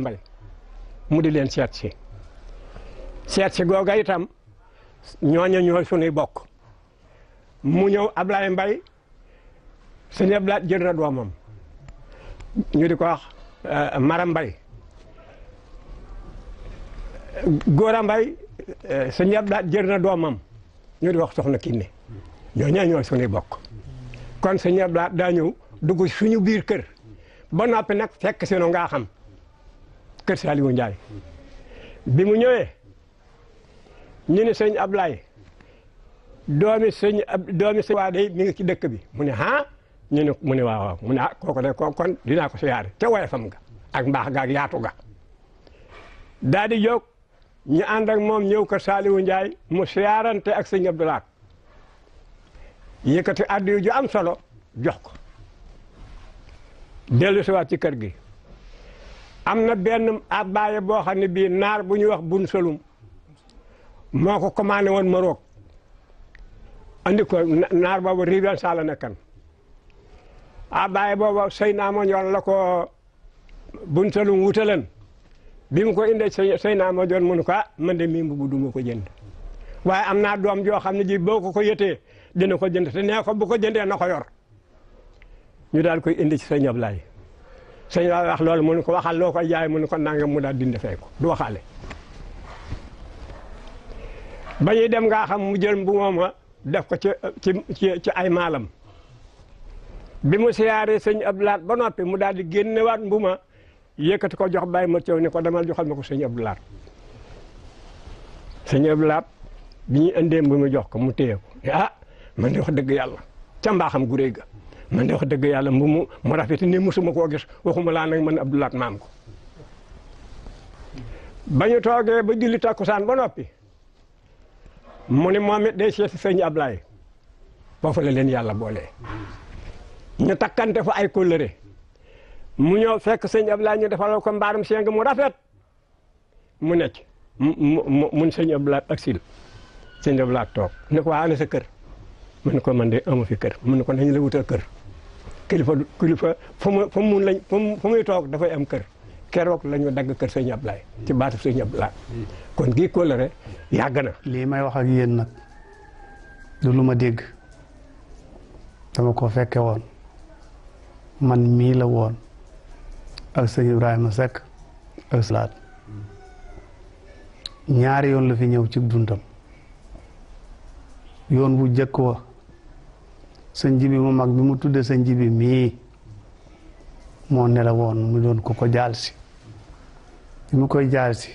mbay mu di leen seet si seet si googa itam ñooñu ñooy sunuy bokk mu ñëw Ablaye Mbay sëñ Ablaye jël na doomam ñu di ko wax euh, Mara Mbay Góora Mbay euh, sëñ Ablaye jël na doomam ñu di wax soxna Kinne ñooñu ñooy sunuy bokk kon sëñ Ablaye daa ñëw dugg suñu biir kër ba noppi nag fekk si nu ngaa xam kër Saliou ndjay bi mu ñëwee ñu ne sëñ ablay doomi sëñ doomi sëñ waa mi ngi ci dëkk bi mu ne ha ñu ne mu ne waaw mu ne ah kooku de ko kon dina ko xiyar te way fam nga ak mbax ga ak yaatu ga daa jog ñu and ak mom ñëw kër Saliou ndjay mu siyaarante ak sëñ Abdoulaye yëkëti addu ju am solo jox ko ci wat ci kër gi am na benn abbaye boo xam ne bii naar bu ñuy wax bun salum moo ko commandé woon Maroc andi ko naar boobu Ridwan Sall nekkan abbaye boobu sëy naa ma ñoon la ko bun salum wutaleen bi mu ko indee sëy sëy naa ma joon mënu ko ah man de mii mbubu duma ko jënd waaye am naa doom joo xam ne ji boo ko ko yëtee dina ko jënd te nee ko bu ko jëndee noko yor ñu daal koy indi ci sëñ Ablaye sëñ la wax lolou mu ne ko waxal loko koy jaay mu ne ko nangam mu daal dinde fe ko du waxale bañi dem nga xam mu jeul bu moma def ko ci ci ci ay malam bi mu siyaré seigne abdoulat ba noppi mu dal di wat mbuma yëkëti ko jox bay ma ciow ni ko demal joxal mako seigne abdoulat seigne abdoulat bi mbuma jox ko mu téyé ko ah man de wax dëgg yalla ca mbaxam gu rëy man de wax deug yalla mbu mu mu rafet ni musuma ko gis waxuma la nak man abdullah mam ko bañu toge ba julli takusan ba nopi mu momit de cheikh seigne ablaye sëñ Ablaay la len yalla bolé ñu takante fa ay kóllëre mu ñëw fekk seigne ablaye ñu defal ko mbaarum seng mu rafet mu necc mu seigne ablaye seigne ablaye tok ne ko sa keur mu ko man de amu fi keur mu ne ko nañ la wutal keur kilifa kilifa fu mu fu toog dafay am kër keroog la ñu dagg kër sëñ Ablaye ci baatu sëñ Ablaye kon gii kóllëre yàgg na. lii may wax ak yéen nag du lu ma dégg dama ko fekke woon man mii la woon ak sëñ Ibrahima Seck ak salaat ñaari yoon la fi ñëw ci dundam yoon bu jëkk wa sa njibi mu mag bi mu tudde sa jibi mii moo nelawoon mu doon ko ko jaal si mu koy jaal si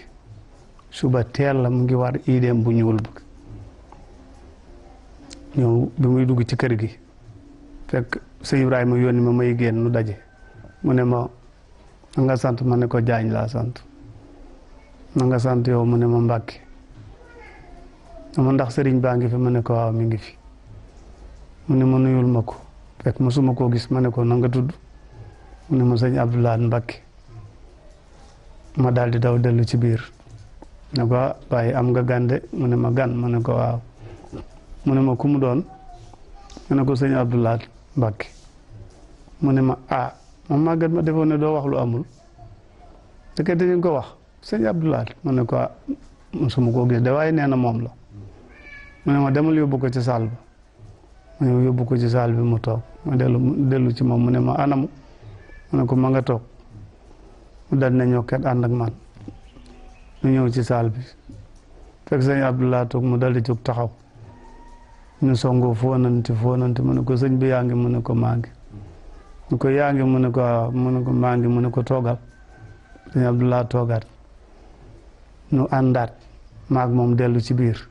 suba teel la mu ngi war idem bu ñuul bi ñëw bi dugg ci kër gi fekk sëñ Ibrahima yónni ma may génn nu daje mu ne ma na nga sant ma ne ko jaañ laa sant na nga sant yow mu ne ma mbàkke ma ndax sëriñ baa ngi fi ma ne ko waaw mi ngi fi mu ne ma nuyul ma ko fekk mosuma koo gis ma ne ko nanga nga tudd mu ne ma sëñ abdulaat Mbacke ma daldi daw dellu ci biir ne ko waaye ah, am nga gànde mu ne ma gan ma ne ko waaw mu ne ma ku mu doon ma ne ko sëñ Abdoulaye Mbacke mu ne ma ah ma màggat ma defoon ne doo wax lu amul dëkk dañu ko wax sëñ Abdoulaye ma ne ko ah, mosuma koo gis de waaye nee na moom la mu ne ma demal yóbbu ko ci saal ba ma ñëw yóbbu ko ci saal bi mu toog ma dellu dellu ci moom mu ne ma anamu ma ne ko ma nga toog mu dal na ñëw kat ànd ak man ñu ñëw ci saal bi fekk sëñ mu dal di jóg taxaw ñu songoo foonante foonante ne ko sëñ bi yaa ngi mu ne ko maa ngi mu ko yaa ngi mu ne ko ah, mu ne ko maa ngi mu ne ko toogal sëñ Abdoulaye toogaat ñu àndaat maag moom dellu ci biir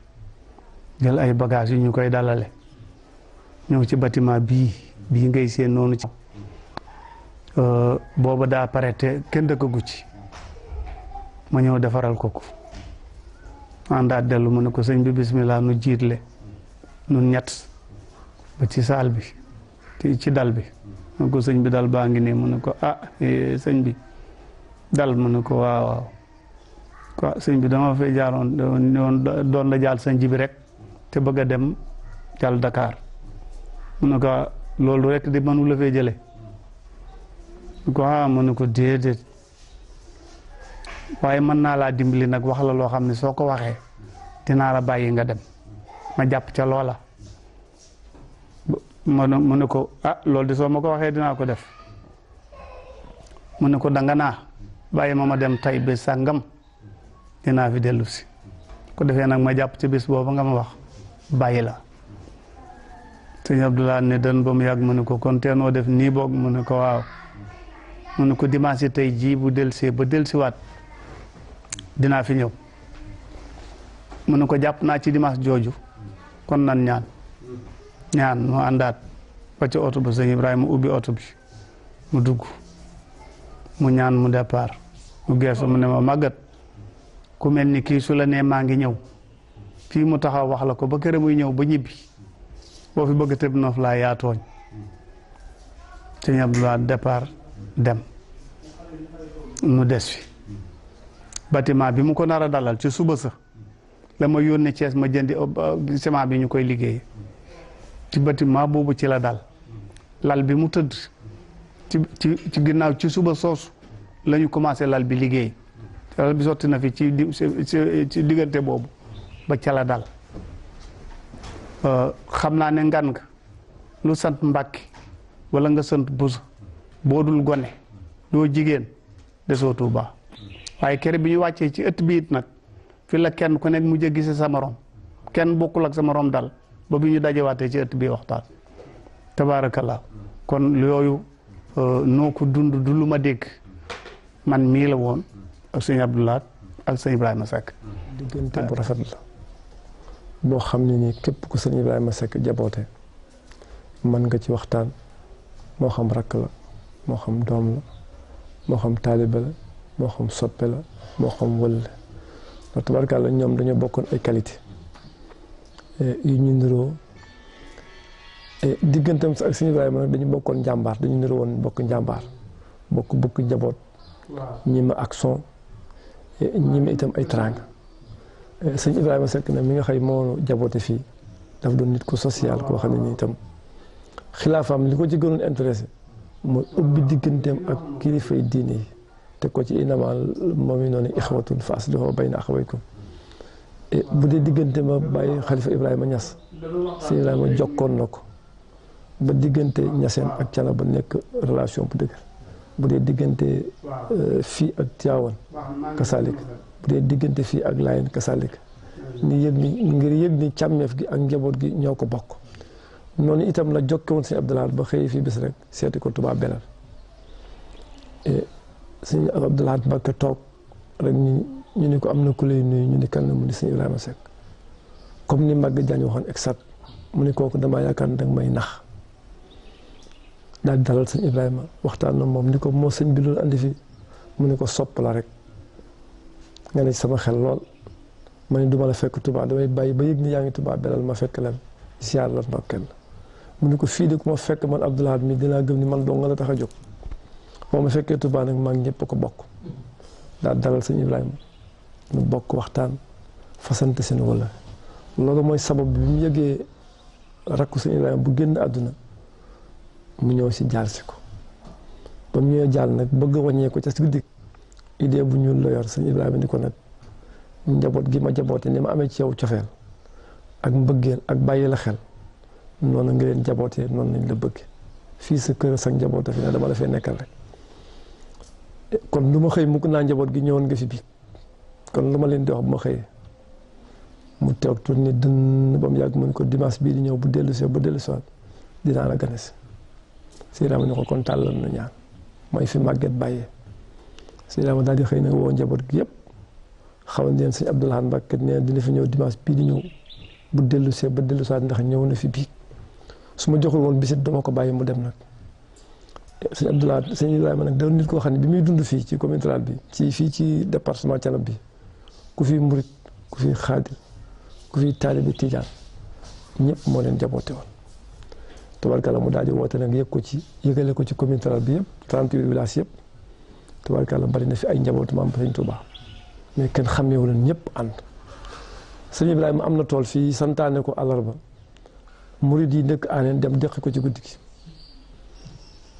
jël ay bagage yu ñu koy dalale ñoo ci bâtiment bii bii ngay seen noonu ci booba daa pare te kenn dëkkagu ci ma ñëw defaral ko ko àndaat dellu mu ne ko sëñ bi bismillah nu jiitle nun ñett ba ci saal bi ci dal bi mu ko sëñ bi dal baa ngi nii mu ne ko ah eh, sëñ bi dal mu ne ko waaw waaw quoi sëñ bi dama fay jaaroon doon la jaal sëñ bi rek te bëgg a dem jàll dakaar mu ne ko loolu rek di mënu la fee jële ko ah mu ne ko déedéet waaye mën naa laa dimbali nag wax la loo xam ne soo ko waxee dinaa la bàyyi nga dem ma jàpp ca loola mu ne ko ah loolu di soo ma ko waxee dinaa ko def mu ne ko danga naa bàyyi ma ma dem tay bés sàngam dinaa fi dellu si ko defee nag ma jàpp ci bés boobu nga ma wax bàyyi la sëñ Abdullah ne dan ba mu yàgg mu ne ko kon tey noo def nii boog mu ne ko waaw mu ne ko dimanche tey jii bu delsee ba delsiwaat dinaa fi ñëw mu ne ko jàpp naa ci dimanche jooju kon nan ñaan ñaan mu àndaat ba ci oto ba sëñ Ibrahima ubbi oto bi mu dugg mu ñaan mu départ mu geesu mu ne ma màggat ku mel ni kii su la nee maa ngi ñëw fii mu taxaw wax la ko ba kër muy ñëw ba ñibbi. boo fi bëgg a tëb noof laa yaa tooñ sëñ Abdoulaye départ dem mu des fi bâtiment bi mu ko nar a dalal ci suba sax la ma yónnee Thiès ma jëndi oh, ciment bi ñu koy liggéey ci bâtiment boobu ci la dal lal bi mu tëdd ci ci ci ginnaaw ci suba soosu lañu ñu commencé lal bi liggéey lal bi sotti na fi ci ci diggante boobu ba ca la dal xam naa ne ngan nga lu sant mbàkki wala nga sant busa boo dul gone doo jigéen desoo Tuuba waaye kere bi ñu wàccee ci ëtt biit nag fi la kenn ku nekk mu jëggi si sa morom kenn bokkul ak sa morom dal ba bi ñu dajewaatee ci ëtt bii waxtaan la kon yooyu euh, noo dund du lu ma dégg man miila woon ak sëñ Abdoulaat ak sëñ Ibrahima Seck diggante boo xam ne nii képp ku sëñ Ibrahima Seck jaboote mën nga ci waxtaan moo xam rakk la moo xam doom la moo xam taalibe la moo xam soppe la moo xam wël la ndax tabarkàlla ñoom dañoo bokkoon ay qualité eh, yu ñu niroo eh, diggantam ak sëñ Ibrahima nag dañu bokkoon njàmbaar dañu niroo woon bokk njàmbaar bokk bukk njaboot ñi ma action eh, ñi itam ay trang sëñ Ibrahima Seck nag mi nga xay moo jaboote fii dafa doon nit ko social koo xam ne nii itam li ko ci gënoon intéressé mooy ubbi digganteem ak kilifay diine yi te ko ci inamal moom yi noonu ixwatun faas dafa bay na axawaykum bu dee diggante ma bàyyi xalifa Ibrahima Niass sëñ Ibrahima jokkoon na ko ba diggante ñaseen ak cana ba nekk relation bu dëgër bu dee diggante euh, fii ak Tiwaawan kasalik de digënté fi fii ak Laayeen kasaalika ni yëg ni ngir yëg ni chamef gi ak njabot gi ñoko bokk itam la jokki won sëñ abdallah ba xey fi bis rek seeti ko e Belal abdallah ba ka tok rek ñu ni ko amna na ku lay ñu ni kan mu ni sëñ Ibrahima comme ni mag Jaañ waxoon exact mu ni koku dama yakkan ne may nax daal dalal sëñ Ibrahima waxtaan mom ni ko mo sëñ bi lu andi fi mu ni ko sop la rek nga ne sama xel lool ma ne duma la fekk tubaa damay bàyyi ba yëg ni yaa ngi Touba beral ma fekk la siyaar la mu ne ko fii de ku ma fekk man Abdoul Ahad mi dinaa gëm ni man doo nga la tax a jóg boo ma fekkee tubaa nag maa ngi ñëpp ko bokk daal dalal sëñ Ibrahima ñu bokk waxtaan fasante seen wala loolu mooy sabab bi mu yëgee rakku sëñ Ibrahima bu génn àdduna mu ñëw si jaar si ko ba mu ñëwee jaar nag bëgg a ko ca si digg idée bu ñu la yor sëñ Ibrahima ni ko nag njaboot gi ma jaboote ni ma amee ci yow cofeel ak mbëggeel ak bàyyi la xel noonu nga leen jabootee noonu lañ la bëgg fii sa kër sax njaboot fi ne dama la fee nekkal rek kon lu ma xëy mukk naa njaboot gi ñëwoon nga fi bi kon lu ma leen di wax bu ma xëyee mu teew tur ni dënn ba mu yàgg mu ne ko dimanche bii di ñëw bu dellu si bu dellu si waat dinaa la gane si. Sëriñ Ibrahima ko kon tàllal na ñaan mooy fi màgget bàyyee sëñ Dame daal di xëy na woo gi yeb xawal leen sëñ abdullah Lahad ne dina fi ñew dimanche bi di ñew bu delu se ba delu sa ndax ñew na fi bi suma joxul won bisit dama ko baye mu dem nag sëñ Abdou Lahad sëñ Ibrahima nag da nit ko xam bi muy dund fi ci commune rural bi ci fi ci département Thiénaba bi ku fi mourid ku fi xaadir ku fi talib tijaan ñëpp mo leen jaboote woon tubarkalla mu daal wote nak nag ko ci yegalé ko ci commune rural bi yëpp 38 villages yëpp tubaarkàlla bari na fi ay njaboot maam sëñ Touba mais kenn xàmmeewu leen ñëpp ànd sëñ Ibrahima am na tool fii santaane ko àllarba murid yi dëkk aaneen dem deqi ko ci guddi gi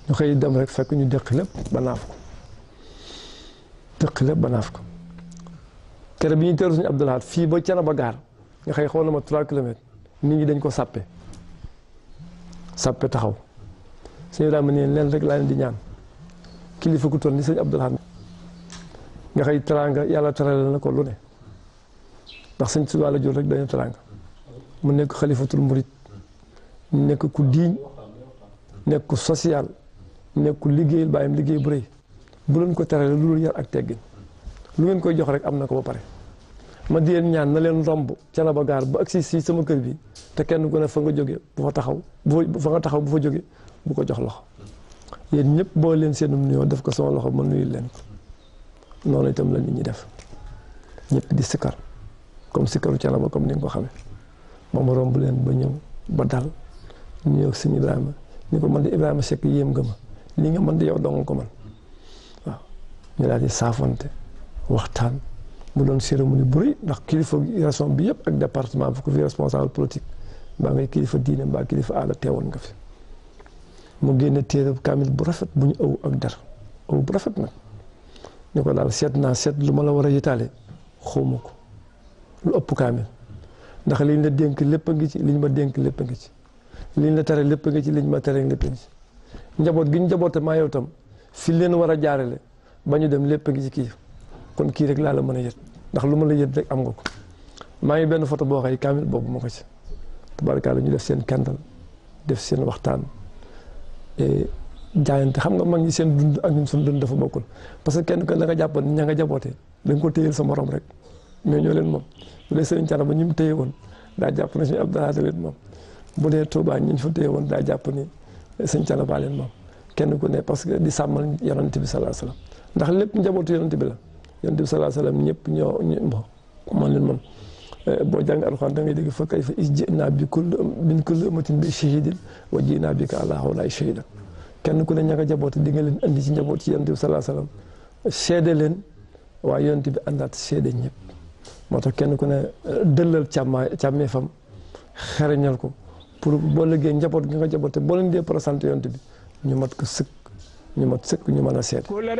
ñu xëy dem rek fekk ñu deqi lépp ba naaf ko deqi lépp ba naaf ko kere bi ñuy teeru suñu Abdoulahat fii ba Canaba gaar nga xëy xool na ma 3 kilomètres nit ñi dañ ko sàppe sàppe taxaw sëñ Ibrahima ne leen rek laa leen di ñaan kilifa ku toll ni sëñ Abdul Ahad nga xëy teraanga yàlla terale na ko lu ne ndax sañ Tuubaa la jur rek dañu teraanga mu nekk xalifatul murit nekk ku diiñ nekk ku social nekk ku liggéeyal bàyyam liggéey bu rëy bu leen ko terale lu dul yar ak teggin lu ngeen koy jox rek am na ko ba pare ma di ñaan na leen romb ca la ba gaar ba agsi si sama kër bi te kenn ku ne fa nga jóge bu fa taxaw bu fa nga taxaw bu fa jóge bu ko jox loxo yéen ñëpp boo leen seenum nuyoo def ko sama loxo ma nuyu leen ko noonu la nit ñi def ñëpp di sikkar comme sikkaru canaba comme ni nga ko xamee ba mu romb leen ba ñëw ba dal nuyoo ak ko man di Ibrahima Seck yéem nga ma li nga man di yow dong ko man waaw ñu daal di saafante waxtaan mu doon cérémonie bu rëy ndax kilifa région bi yëpp ak département bi ku fi responsable politique mbaa ngay kilifa diine mbaa kilifa aada teewoon nga fi mu génne téere kaamil bu rafet bu ñu ëw ak dar ëw bu rafet nag ni ko daal seet naa seet lu ma la war a yitaale xawma ko lu ëpp kaamil ndax liñ la dénk lépp a ngi ci liñ ma dénk lépp a ngi ci liñ la tare lépp a ngi ci liñ ma tere njaboot gi ñu njaboote maa yow tam fi war a jaarale ba ñu dem lépp a ngi ci kii kon kii rek laa la mën a yët ndax lu ma la yët rek am nga ko maa ngi benn foto boo xëy kaamil boobu ma ko ci tabarkaale ñu def seen kàndal def seen waxtaan Eh, jaayante xam nga mag ñi seen dund ak ñun suñu dund dafa bokkul parce que kenn ko la nga jàppoon ña nga jabootee da nga ko téyeel sa morom rek mais ñoo leen moom bu dee Serigne Thiénaba ñu mu woon daa jàpp ne suñu Abdoulaye da leen moom bu dee Touba ñu fa téye woon daa jàpp ni Serigne Thiénaba leen moom kenn ku ne parce que di sàmmal yonante bi salaa salaam ndax lépp njabootu yonante bi la yonante bi salaa salaam ñëpp ñoo ñu moom leen ma boo jàng alxuraan dégg fa kayfa is jinaa bi kulli um, min kulli ummatin bi shahidin wa jinaa bika kenn ku ne ña jaboot di nga leen andi ci njaboot ci yonent bi salaa salaam seede leen waa yonent bi àndaat seede ñëpp moo tax kenn ku ne euh, dëllal càmmaa càmmee fam xereñal ko pour boo liggéey njaboot gi nga jaboot te boo leen dee présenté yonent bi ñu mat ko sëkk ñu mat sëkk ñu mën a seede. ku la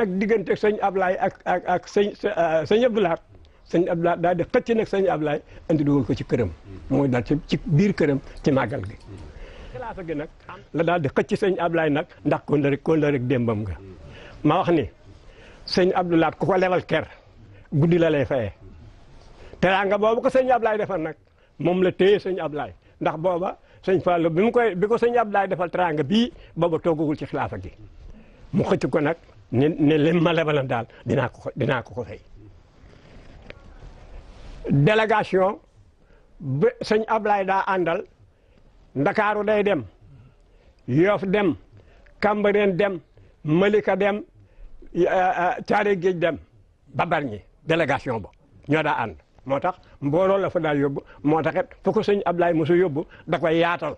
nag diggante sëñ Ablaye ak ak ak sëñ euh, sëñ Abdoulaye daal di xëcc nag sëñ Abdoulaye andi dugal ko ci këram. mooy daal ci biir këram ci màggal gi. classe gi nag la daal di xëcc sëñ Abdoulaye nag ndax kon la rek démbam ma wax ni sëñ Abdoulaye ku ko lebal ker guddi la lay fayee. teraanga boobu ko sëñ Abdoulaye defal nag moom la téye sëñ Abdoulaye ndax booba sëñ Fallou bi mu koy bi ko sëñ Abdoulaye defal teraanga bii booba toogagul ci xilaafa gi mu xëcc ko nag ne ne leen ma daal dinaa ko dinaa ko ko fay. délégation ba sëñ Ablaye daa àndal ndakaaru day dem Yoff dem Cambérène dem Malika dem euh, euh, Thiaré Géej dem ba Bargny délégation ba ñoo daa ànd moo tax mbooloo la fa daa yóbbu moo tax it fu ko sëñ Ablaye mosu yóbbu da koy yaatal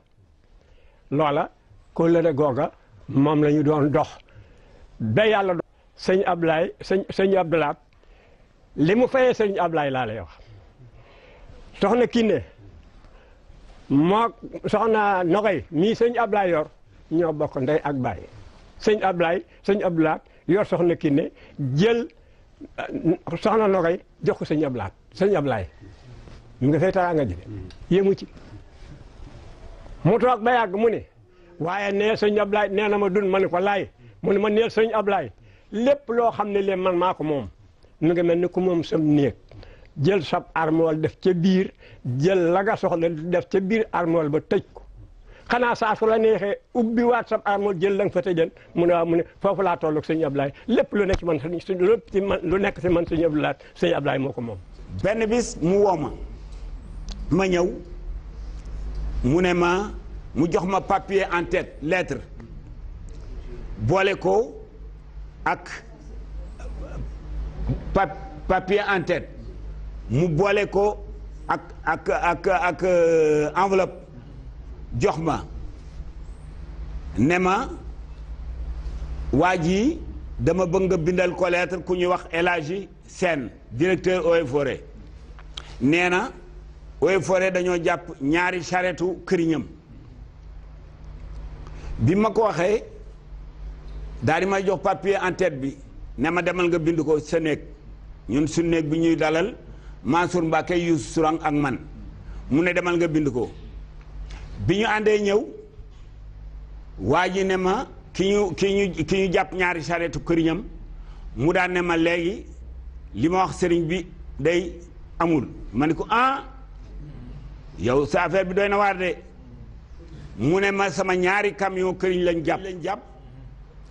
loola kóllëre googa moom la ñu doon dox ba yàlla doon sëñ Ablaye sëñ sëñ Abdoulaye li mu fayee sëñ Ablaye laa lay wax soxna Kiné moo soxna Nogoy mii sëñ Ablaay yor ñoo bokk ndey ak baay sëñ Ablaay sëñ Ablaat yor soxna Kiné jël euh, soxna Nogoy jox ko sëñ Ablaat sëñ Ablaay mu nga fay ci mu toog ba yàgg mu ne waaye nee sëñ Ablaay nee na ma dun ma ne ko laay mu ne ma neel sëñ Ablaay lépp loo xam ne leen man maa ko moom mu ngi mel ni ku moom sam jël sab armool def ca biir jël la nga soxla def ca biir armool ba tëj ko xanaa saa su la neexee ubbi waat sab armool jël la fa tëjal mu ne waaw mu ne foofu laa toll sëñ ab Ablaye lépp lu nekk ci man sëñ lépp ci man lu nekk ci man sëñ Ablaye sëñ Ablaye moo ko moom. benn bis mu woo ma ma ñëw mu ne ma mu jox ma papier en tête lettre boole ko ak papier en tête. mu boole ko ak ak ak ak euh, enveloppe jox ma ne ma waa ji dama bëgg nga bindal ko ku ñuy wax El Hadji Sène directeur Eaux et Forêts nee na Eaux et Forêts dañoo jàpp ñaari charrette këriñam bi ma ko waxee daal di may jox papier en bi ne ma demal nga bind ko sa néeg ñun su néeg bi ñuy dalal Mansour Mbacke Youssou suran ak man mu ne demal nga bind ko bi ñu àndee ñëw waa ji ne ma ki ñu ki ñu ki jàpp ñaari sareetu këriñam mu daan ne ma léegi li ma wax sëriñ bi day amul ma ne ko ah yow sa affaire bi doy na waar de mu ne ma sama ñaari camion këriñ lañ jàpp jàpp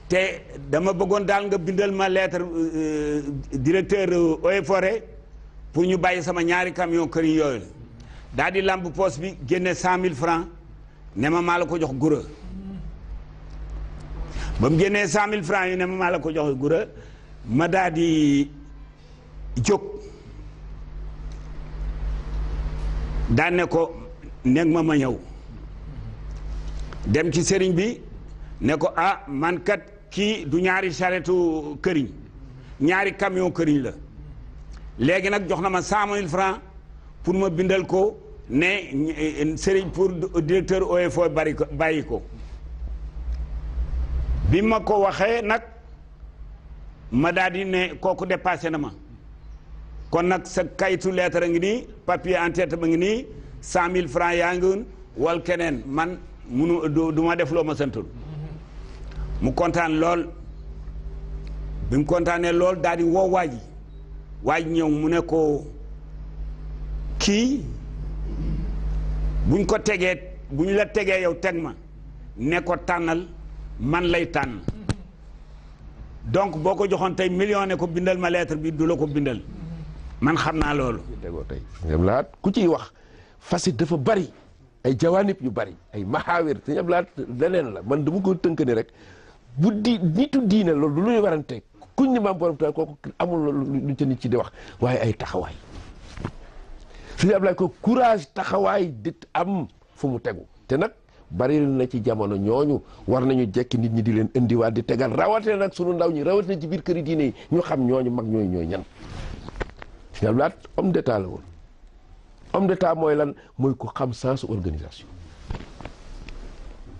te dama bëggoon daal nga bindal ma lettre euh, directeur Eaux pour ñu bàyyi sama ñaari camion këriñ yooyu daal di làmb poos bi génne cent mille francs ne ma maa la ko jox gura ba mu génnee cent mille francs yu ne ma maa la ko joxe gura ma daal jóg daan ko nekk ma ma ñëw dem ci sëriñ bi ne ko ah man kat kii du ñaari saretu këriñ ñaari camion këriñ la léegi nak jox ma cent mille francs pour ma bindal ko ne eh, eh, Serigne pour directeur OFO bari Bima ko bi nak ko waxee nag ma daal di ne dépassé na ma kon nag sa kayitu lettre ngi nii papier en tête ba ngi francs wal keneen man munu du ma def loo ma santul mu kontaan lol bim mu lol dadi wo waji waaye ñëw mu ne ko kii buñ ko tegee bu ñu la tegee yow teg ma ne ko tànnal man lay tànn donc boo ko joxoon tey million ne ko bindal ma lettre bi du la ko bindal man xam naa loolu sëñ ku ciy wax fasit dafa bari ay jawaanib yu bari ay maxaawir sëñ laat leneen la man du ko tënk ni rek bu di nitu diine loolu du luy warante kuñ ne maam borom Tuubaa kooku amul luñ ca nit ci di wax waaye ay taxawaay Sëriñ Ablaay ko courage taxawaay di am fu mu tegu te nag bari na ci jamono ñooñu war nañu jekki nit ñi di leen indiwaat di tegal rawatina nag sunu ndaw ñi rawatina ci biir këri diine yi ñu xam ñooñu mag ñooy ñooy ñan Sëriñ Ablaay homme d'état la woon homme d'état mooy lan mooy ko xam sens organisation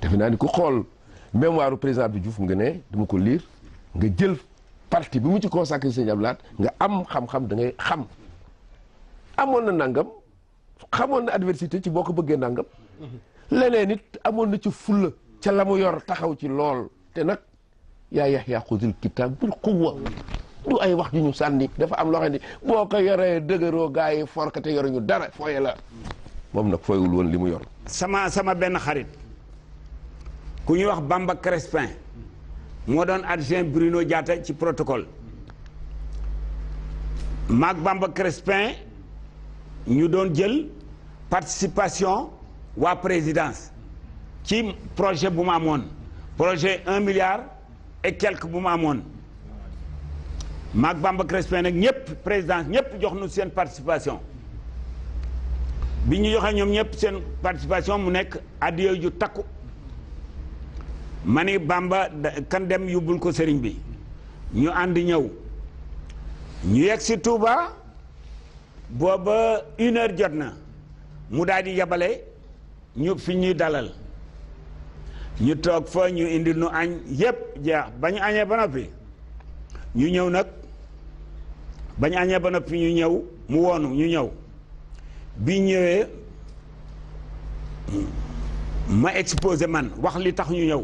defe naa ni ku xool mémoire président bi Diouf nga ne dama ko liir nga jël parti bi mu ci consacré sëñ Abdou Lahad nga am xam-xam da ngay xam amoon na nangam xamoon na adversité ci boo ko bëggee nangam leneen it amoon na ci fulla ca la mu yor taxaw ci lool te nag yaa Yaxya xudil kitaab bil quwwa du ay wax ju ñu sànni dafa am loo xam ne boo ko yoree dëgëroo gaa yi forkate yoruñu dara fooye la moom nag fooyewul woon li mu yor sama sama benn xarit ku ñu wax bàmba Crespin moo adjoint Bruno Diatta ci protocole Mac Bamba Crespin ñu doon jël participation waa présidence ci projet bu ma projet un milliard et quelques bu ma amoon Bamba Crespin nag ñëpp présidence ñëpp jox nu seen participation bi ñu joxe ñoom participation mu nek addiya ju ma ni Bamba kan dem yóbbul ko sëriñ bi ñu ànd ñëw ñu yegg si Touba booba une jot na mu daal di yabale ñu fi ñuy dalal ñu toog fa ñu indi nu añ yépp jeex ba ñu añee ba noppi ñu ñëw nag ba ñu añee ba noppi ñu ñëw mu woonu ñu ñëw bi ñëwee ma exposé man wax li tax ñu ñëw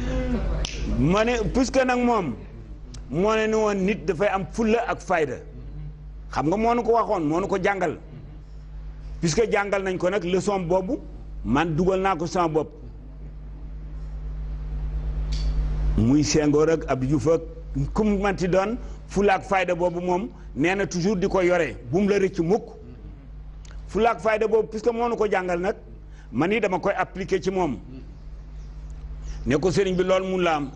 ma ne puisque nag moom moo ne ni woon nit dafay am fulla ak fayda xam nga moo nu ko waxoon moo nu ko jàngal que jàngal nañ ko nag leçon boobu man dugal naa ko sama bopp muy Senghor rek ab Diouf ak man mu doon fulla ak fayda boobu moom nee na toujours di ko yore bu mu la rëcc mukk fulla ak fayda boobu que moo nu ko jàngal nag man ni dama koy appliquer ci moom ne ko sëriñ bi loolu mun la am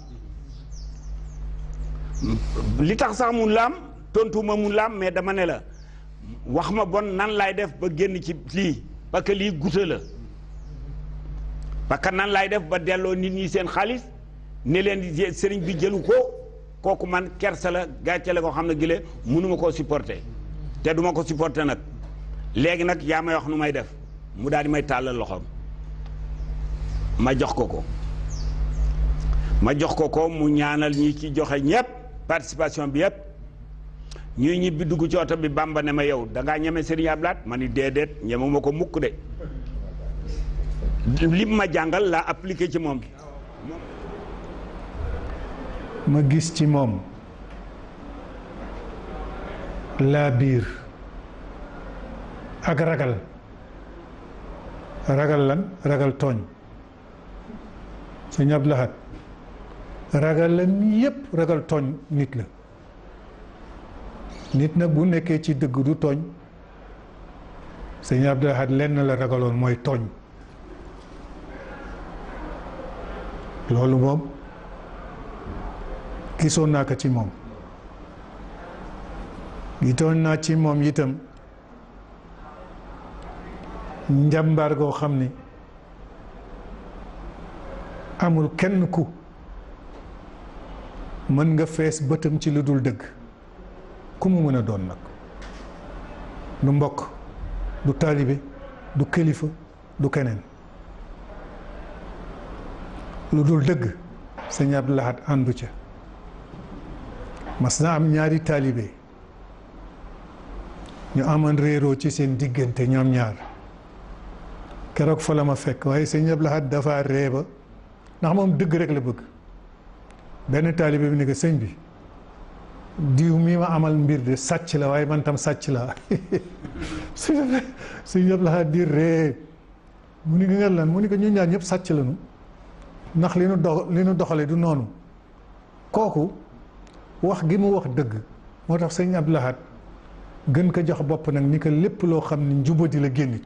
li tax sax mun la am tontuma mun la am mais dama ne la wax ma bon nan laay def ba génn ci lii parce que lii guta la parce que nan laay def ba delloo nit ñi seen xaalis ne leen sëriñ bi jëlu ko kooku man kersa la gàcce la koo xam ne gile mënuma koo supporter te duma ko supporter nag léegi nag yaa may wax nu may def mu daal di may tàllal loxoom ma jox ko ko ma jox ko ko mu ñaanal ñi ci joxe ñepp participation bi yëpp ñuy ñibbi dugg ci oto bi bamba ne ma yow da nga ñeme Serigne ablat ma ni déedéet ñeme ko mukk de lim ma jangal la appliquer ci mom ma gis ci mom la bir ak ragal ragal lan ragal togn Serigne ragalam yépp ragal tooñ nit la nit nag bu nekkee ci dëgg du tooñ sëñ Abdul Ahad lenn la ragaloon mooy tooñ loolu moom gisoon naa ko ci moom gisoon naa ci moom itam njàmbaar goo xam ni amul kenn ku mën nga fees bëtam ci lu dul dëgg ku mu mën a doon nag du mbokk du taalibe du kilifa du keneen lu dul dëgg sëñ Abdou Lahad àndu ca mas na am ñaari taalibe ñu amoon réeroo ci seen diggante ñoom ñaar keroog fa la ma fekk waaye sëñ Abdou Lahad dafa ree ba ndax moom dëgg rek la bëgg benn taalibe bi ne sëñ bi diw mii ma amal mbir de sàcc la waaye man tam sàcc la suñ suñ yëpp laa diir ree mu ni nga lan mu ni ko ñu ñaar ñëpp sàcc lañu ndax li nu do doxale du noonu kooku wax gi mu wax dëgg moo tax sëñ Abdou Lahad gën ko jox bopp nag ni ko lépp loo xam ne njubadi la génn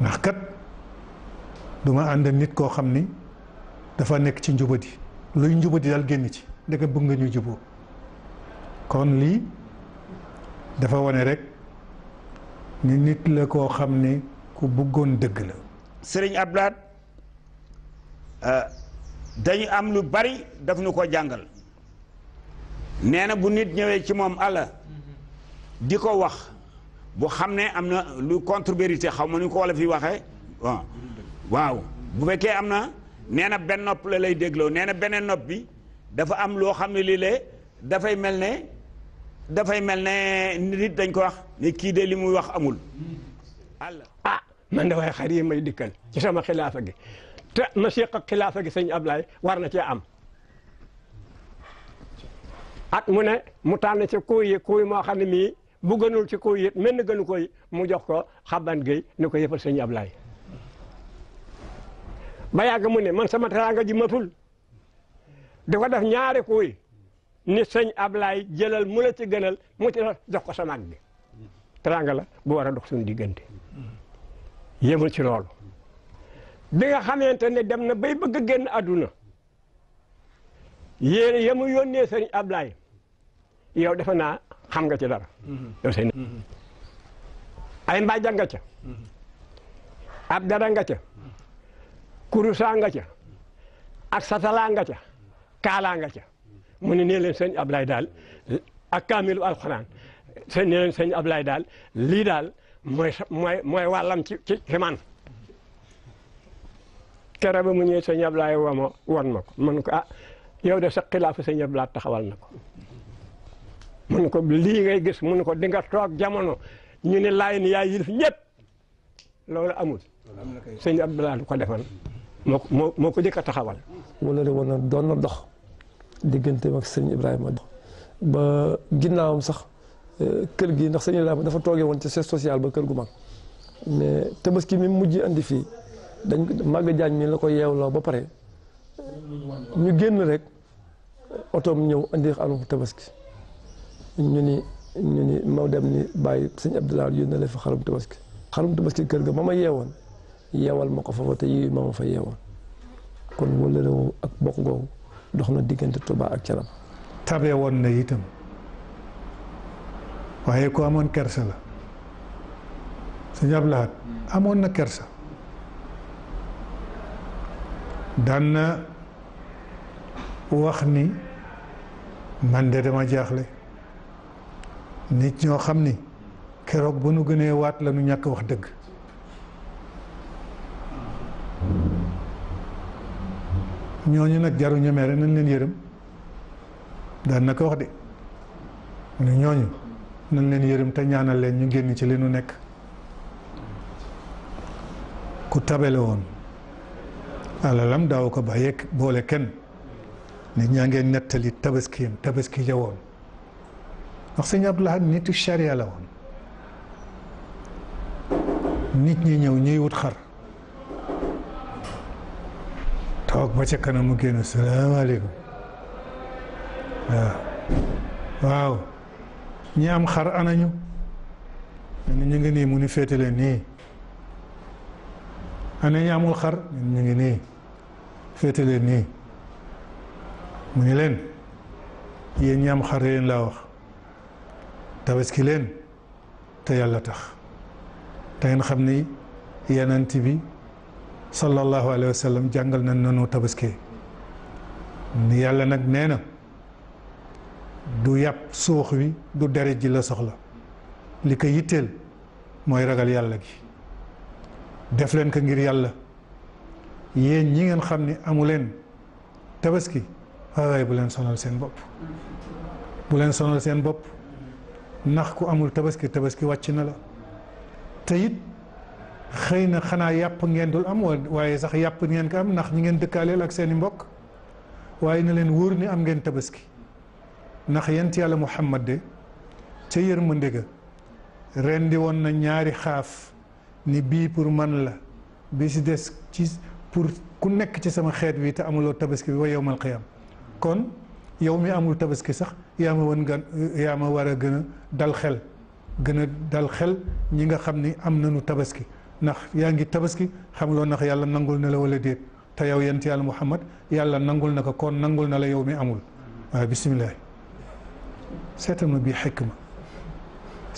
ndax kat duma ànd nit koo xam ni dafa nekk ci njubadi luy njubati daal génn ci ndeke bëgg nga ñu juboo kon lii dafa wone rek ni nit la koo xam ne ku buggoon dëgg la sëriñ Ablaat euh, dañu am lu bari daf nu ko jàngal nee na bu nit ñëwee ci moom àlla di ko wax bu xam ne am na lu contre vérité xaw ma nu ko wala fi waxee waaw bu fekkee am na nee na benn nopp la lay dégloo neena beneen nopp bi dafa am loo xam ne lii le dafay mel ne dafay mel ne nit dañ ko wax ne kii de li muy wax amul àll ah man de waaye xar yi may dikkal ci sama xilaafa gi te ma seq ak xilaafa gi sëñ Ablaye war na cee am at mu ne mu tànn ci kuy yi kuy moo xam ne mii bu gënul ci kuy it mel na gënu koy mu jox ko xaban gay ni ko yëppal sëñ Ablaye ba yàgg mu ne man sama teraanga ji matul di ko def ñaari kuy ni sëñ Ablaay jëlal mu la ci gënal mu ci jox ko sa mag bi teraanga la bu war a dox suñu diggante yemul ci loolu bi nga xamante ne dem na bay bëgg a génn àdduna yéen yemu yónnee sëñ Ablaay yow defe naa xam nga ci dara yow mm-hmm. ay mbaa janga ca mm-hmm. ab dara ca kurusa nga ca ak satalaa nga ca kaalaa nga ca mu ne nee leen sëñ Ablaye daal ak kaamilu alquran sëñ ne leen seigne Ablaye dal li dal moy moy moy walam ci ci man kera ba mu ñëwee seigne Ablaye woo ma won mako man ko ah yow de sa khilaf seigne Ablaye taxawal nako mun ko li ngay gis mun ko di nga tok jamono ñu ne lay ni yaay yi ñëpp lolu amul seigne Abdoulaye ko defal moo moo moo ko njëkk a taxawal. wala de woon doon na dox digganteem ak sëñ Ibrahima ba ginnaawam sax kër gi ndax sëñ Ibrahima dafa toogee woon ci siège social ba kër gu mag mais tabaski mi mujj andi fii dañ màgg jaañ mi la ko yeewloo ba pare ñu génn rek otoom ñëw andi alum tabaski ñu ni ñu ni moo dem ni bàyyi sëñ Abdoulaye yónnee la fa xarum tabaski xarum tabaski kër ga ma ma yeewoon. yeewal ma ko foofa te yooyu ma ma fa yeewal kon wóllëre ak bokk googu dox na diggante tubaa ak Thiénaba tabee woon na itam waaye ku amoon kersa la sëñ Abdou Lahad amoon na kersa daan na wax ni man de dama jaaxle nit ñoo xam ni keroog ba nu gënee waat la nu ñàkk wax dëgg ñooñu nag jaru ñemee rek nañ leen yërëm daan na ko wax de ñu ñooñu nañ leen yërëm te ñaanal leen ñu génn ci leenu nekk ku tabale woon alalam daaw ko bàyyee boole kenn nit ñaa ngeen nettali tabaskiyam tabaski ja woon ndax sëñ Abdul la woon nit ñi ñëw ñuy wut xar toog ba ca kanam mu génn salaamaaleykum waaw waaw ñi am xar anañu ñu ngi nii mu ni féete leen nii ana ñi amul xar ñun ñu ngi nii féete leen nii mu ni leen yéen ñi am xar leen laa wax tabaski leen te yàlla tax te ngeen xam ni yenant tibi sallallahu alayhi wa sallam jàngal na nanu tabaski ni yàlla nag nee na du yàpp suux wi du deret ji la soxla li ko yitteel mooy ragal yàlla gi def leen ko ngir yàlla yéen ñi ngeen xam ni amu leen tabaski waaye bu leen sonal seen bopp bu leen sonal seen bopp ndax ku amul tabaski tabaski wàcc na la te xëy na xanaa yàpp ngeen dul am waaye sax yàpp ngeen ko am ndax ñi ngeen dëkkaaleel ak seen i mbokk waaye na leen wóor ni am ngeen tabaski ndax yent yàlla muhammad de ca yërmande ga rendi woon na ñaari xaaf ni bii pour man la bi si des ci pour ku nekk ci sama xeet wi te amuloo tabaski bi wa yowmal qiyaam kon yow mi amul tabaski sax yaa ma wan gan yaa ma war a gën a dal xel gën a dal xel ñi nga xam ni am nañu tabaski نخ يانجي تبسكي خملون نخ يالله نانقول نلا ولا دي تياو ينتي على محمد يالله نانقول نك كون نانقول نلا يومي أمول بسم الله سيتم بي حكمة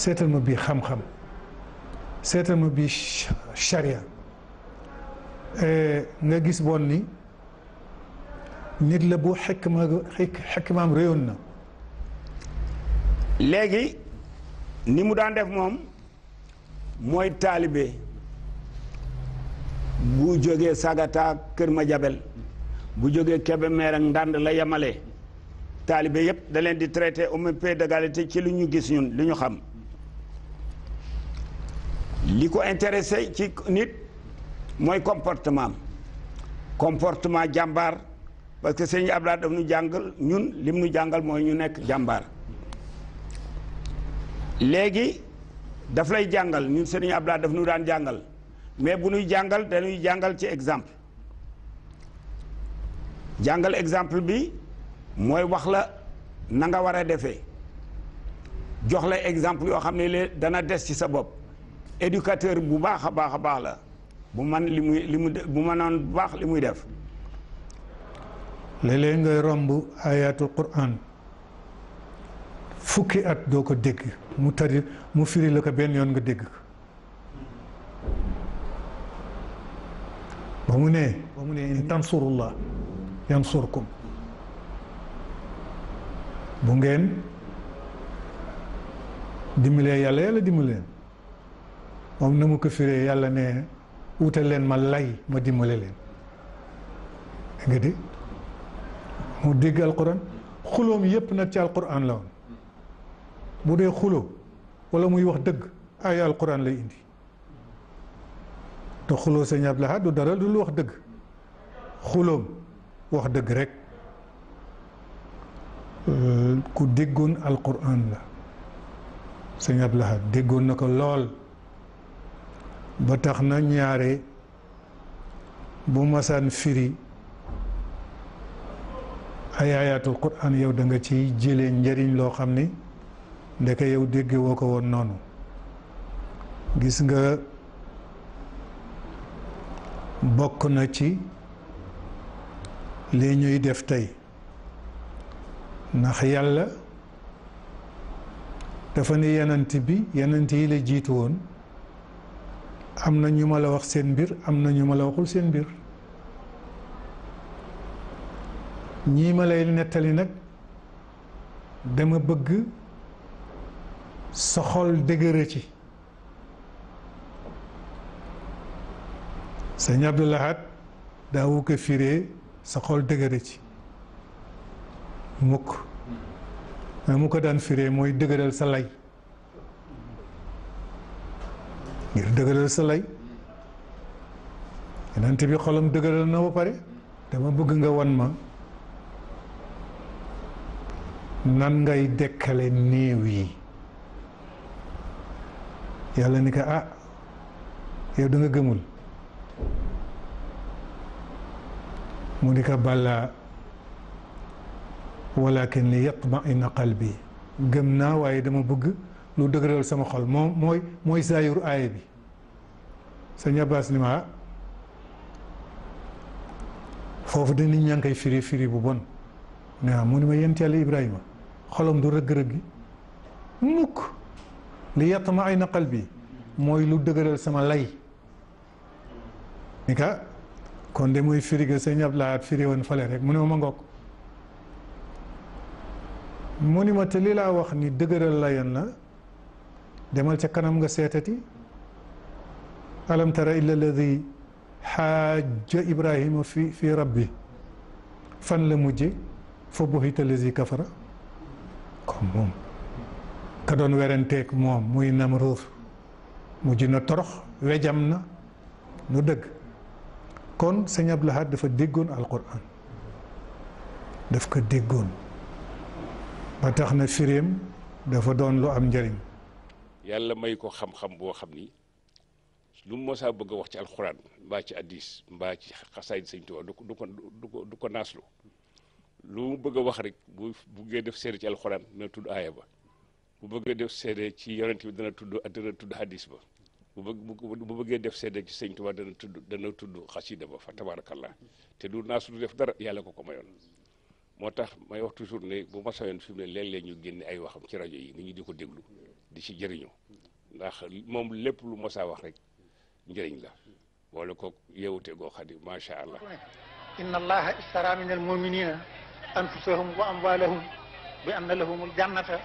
سيتم بي خم خم سيتم بي شريعة نجيس بوني نيدلبو حكمة حكمة مريونا لاجي نمو دان ديف موم موي طالبي bu jógee Sagata Kër ma jabel bu jógee Kébémer ak Ndande la yemale taalibe yëpp da leen di traité au même pied d'égalité ci lu ñu gis ñun lu ñu xam li ko intéressé ci nit mooy comportement comportement jàmbaar parce que sëñ Abdoulaye daf nu jàngal ñun lim nu jàngal mooy ñu nekk jàmbaar léegi daf lay jàngal ñun ab Abdoulaye daf nu daan jàngal mais bu ñuy jàngal dañuy jàngal ci exemple jàngal exemple bi mooy wax la na nga war a defee jox la exemple yoo xam ne lee dana des ci sa bopp éducateur bu baax a baax a baax la bu man li muy li mu bu mënoon bu baax li muy def léeg-léeg ngay romb ayatul quran fukki at doo ko dégg mu tari mu firi la ko benn yoon nga dégg هنا هنا يعني ان تنصروا الله ينصركم بونغين ديملي يالا يالا ديملين ام نمو كفري يالا ني اوتالين ما لاي ما ديملين غدي مو ديغ القران خلوم ييب نا تي القران لا بودي خلو ولا موي واخ دغ ايا القران لا اندي te xuloo sëñ Abdou du dara lu wax dëgg xuloom wax dëgg rekk euh, ku déggoon alquran la sëñ Abdou déggoon na ko lool ba tax na ñaare bu masaan firi ay ayatul quran yow da nga ciy jëlee njëriñ loo xam ni ndeke yow dégge woo ko woon noonu gis nga bokk na ci li ñuy def tey ndax yàlla dafa ne yenant bi yenant yi la jiitu woon am na ñu ma la wax seen mbir am na ñu ma la waxul seen mbir ñii ma lay nettali nag dama bëgg soxol dëgëra ci sëñ Abdou Lahad daawu ko firee sa xol dëgëre ci mukk mais mu ko daan fiire mooy dëgëral sa lay ngir dëgëral sa lay yonent bi xolam dëgëral na ba pare dama bëgg nga won ma nan ngay dekkale néew yi yàlla ni ko ah yow da gëmul Munika bala walakin li yatma'in qalbi gemna waye dama bëgg lu dëgëral sama xol moom moy moy saayur ay bi sëñ Abbas lima fofu foofu dañ nit ñaa ngi firi firi bu bon waaw mu ni ma yent yalla Ibrahima xolam du rëgg-rëgg mukk li yatma'in qalbi moy lu dëgëral sama lay nika kon de muy firi ga sëñ Abdoulaye firi woon fale rek mu ne ma ngoog mu ni ma te li laa wax ni dëgëral la yoon la demal ca kanam nga seetati alam tara illa xaaja ibrahima fi fi rabbi fan la mujje fa buhita allazi kafara comme moom ka doon werenteeg moom muy Namruud mujj na torox wejam na nu dëgg kon sëñ Abdou dafa déggoon alquran daf ko déggoon ba tax na firéem dafa doon lu am njëriñ yàlla may ko xam-xam boo xam ni lu mu mosaa bëgg a wax ci alxuraan mbaa ci addis mbaa ci xasaayid sëñ Tuubaa du ko du ko du ko du ko lu mu bëgg a wax rek bu buggee def seede ci alxuraan dana tudd aaya ba bu bëggee def seede ci yonent bi dana tudd dana tudd addis ba bu bëgg bu bëggee def seede ci sëñ Tuubaa dana tudd dana tudd xasida ba fa tabarakallah te du naa su def dara yàlla ko ko mayoon moo tax may wax toujours ne bu ma sayoon fi mu ne léeg-léeg ñu génne ay waxam ci rajo yi nit ñi di ko déglu di ci jëriñu ndax moom lépp lu mosaa wax rek njëriñ la boole ko yeewute goo xam ne macha allah inna allaha istara min almuminina anfusahum wa amwalahum bi anna lahum aljannata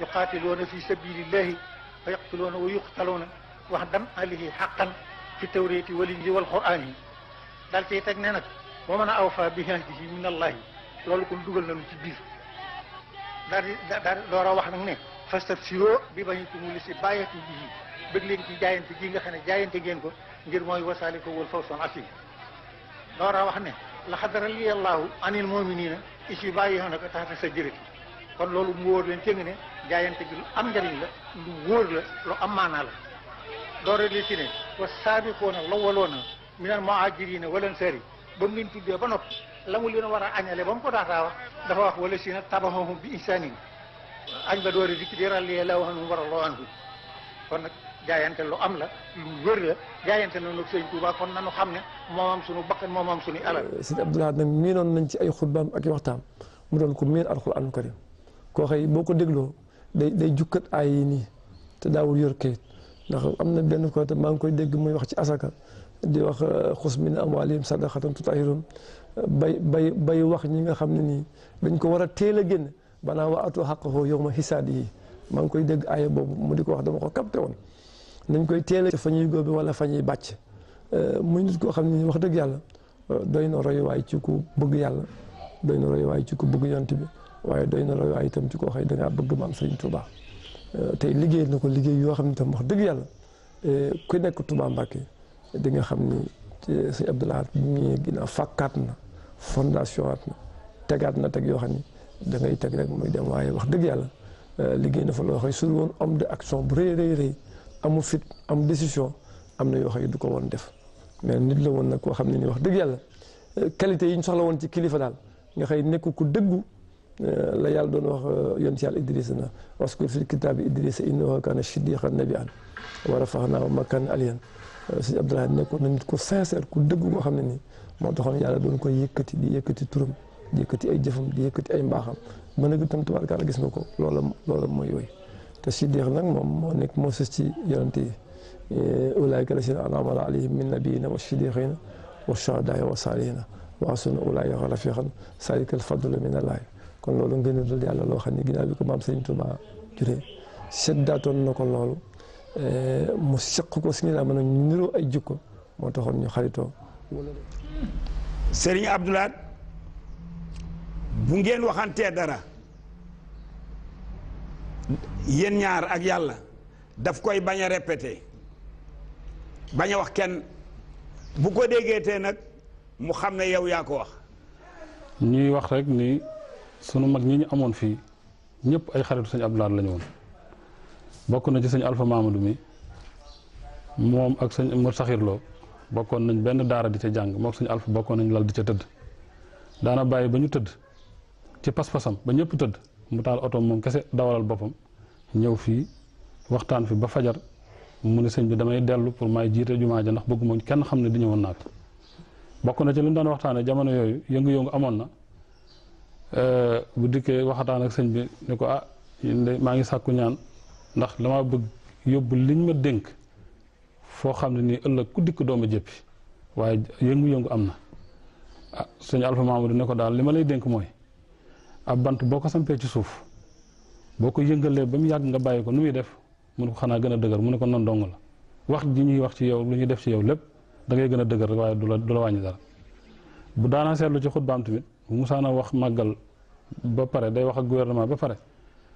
yuqatiluuna fi sabilillahi fa yaqtuluuna wa yuqtaluuna وحدم عليه حقا في التوريت والإنجيل والقرآن دال سي تك نانك ومن اوفى بهذه من الله لول كون دوغال نانو سي بير دار دار دورا واخ نك ني فاستفسيرو بي بانيتو موليسي بايتو بي بيغ لين سي جاينت جي nga xane جاينت ген كو ngir moy wasaliko wol fawsan asim دورا واخ ني لا خضر لي الله ان المؤمنين اشي بايي هنا كتا تا سجيرتي كون لول مو وور لين تيغ ني جاينت جي لو ام جارين لا لو وور لا لو امانا لا doore li ci ne wa saabiquuna lawwaloona minal muhaajiriina wal ansaari ba mu leen tuddee ba noppi la mu leen war a añale ba mu ko daataa wax dafa wax wala si nag tabaxahum bi insaanin añ ba doore di ci di ràllee laaw anhum war a loo anhum kon nag jaayante lu am la lu wér la jaayante na nag sëñ Tuubaa kon nanu xam ne moomam suñu bakkan moomam suñu alal eh, sëñ Abdul Ahad nag miinoon nañ ci ay xutbaam ak i waxtaam mu doon ko miin alxuraanu karim koo boo ko dégloo day day jukkat aay yi te daawul yor ndax am na benn côté maa ngi koy dégg muy wax ci asaka di wax euh, xus min amwaalihim sadaqatan tutahhirum bay bay bay wax ñi nga xam ne nii dañ ko war a teel a génn banaa wa atu xaqahu yawma hisaadihi maa ngi koy dégg aaya boobu mu di ko wax dama ko capté woon nañ koy teel a fa ñuy bi wala fa ñuy bàcc euh, muy nit koo xam ne wax dëgg yàlla euh, doy na royuwaay ci ku bëgg yàlla doy na royuwaay ci ku bëgg yont bi waaye doy na royuwaay itam ci koo xëy dangaa bëgg maam Sëriñ Tuubaa tey liggéey na ko liggéey yoo xam ne tam wax dëgg yàlla eh, ku nekk Touba Mbacké di nga xam ni eh, sëñ Abdoul Ahad bi ñu na fondation at na tegaat na teg yoo xam ni da ngay teg rek muy dem waaye wax dëgg yàlla eh, liggéey na fa loo xam su woon homme de action bu rëy rëy rëy amu fit am décision am na yoo xam du ko woon def mais nit la woon nag koo xam ne ni wax dëgg yàlla qualité yi ñu soxla woon ci kilifa daal nga xëy nekk ku dëggu لا يال دون واخ يونسيال ادريس نا واسكو في الكتاب ادريس انه كان شديقا نبيا ورفعنا مكان عليا سي عبد الله نكو نكو سانسير كو دغ بو خامن ني مو تخون يالا دون كو ييكتي دي ييكتي تورم ييكتي اي جفم دي ييكتي اي مباخم من نك تم تبارك الله غيس نكو لولا لولا مو يوي تا شديق نا موم مو نيك مو سيتي يونتي إيه، اولئك الذين انعم الله عليهم من نبينا والشديقين والشهداء والصالحين واسن اولئك غلفيخن سالك الفضل من الله kon loolu ngëneelul yàlla loo xam ne ginnaaw bi ko maam Serigne Touba juree seddaatoon na ko loolu eh, mu seq ko si ñu mën a niroo ay jikko moo taxoon ñu xaritoo. Serigne Abdou bu ngeen waxantee dara yéen ñaar ak yàlla daf koy bañ a répété bañ a wax kenn bu ko déggee tee nag mu xam ne yow yaa ko wax. ñuy wax rek ni. sunu mag ñi ñu nyep fi ñepp ay xaritu sëñ Abdou lañu won bokku na ci Alpha Mamadou mi mom ak sëñ Umar Saxir Lo bokkon nañ benn daara di ca jang mok sëñ Alpha bokkon nañ lal di ca teud daana baye bañu teud ci pass pasam ba ñepp teud mu taal auto mom kese dawalal bopam ñew fi waxtaan fi ba fajar mu ne sëñ bi damay delu pour may jité juma ja ndax bëgguma kenn xamne di ñewon nak bokku na ci lu daan jamono yoyu yëngu-yëngu amon na Euh, bu dikkee waxataan ak sëñ bi ni ko ah maa ngi sàkku ñaan ndax dama bëgg yóbbu liñ ma dénk foo xam ne nii ëllëg ku dikk dooma jëppi waaye yëngu-yëngu am na ah sëñ Alfa Mamadou ne ko daal li ma lay dénk mooy ab bant boo ko sampee ci suuf boo ko yëngalee ba mu yàgg nga bàyyi ko nu muy def mun ko xanaa gën a dëgër mu ne ko non dong la wax ji ñuy wax ci yow lu ñuy def ci yow lépp da ngay gën a dëgër waaye du la du la wàññi dara bu daanaa seetlu ci xutbaam tamit bu musaana wax màggal ba pare day wax ak gouvernement ba pare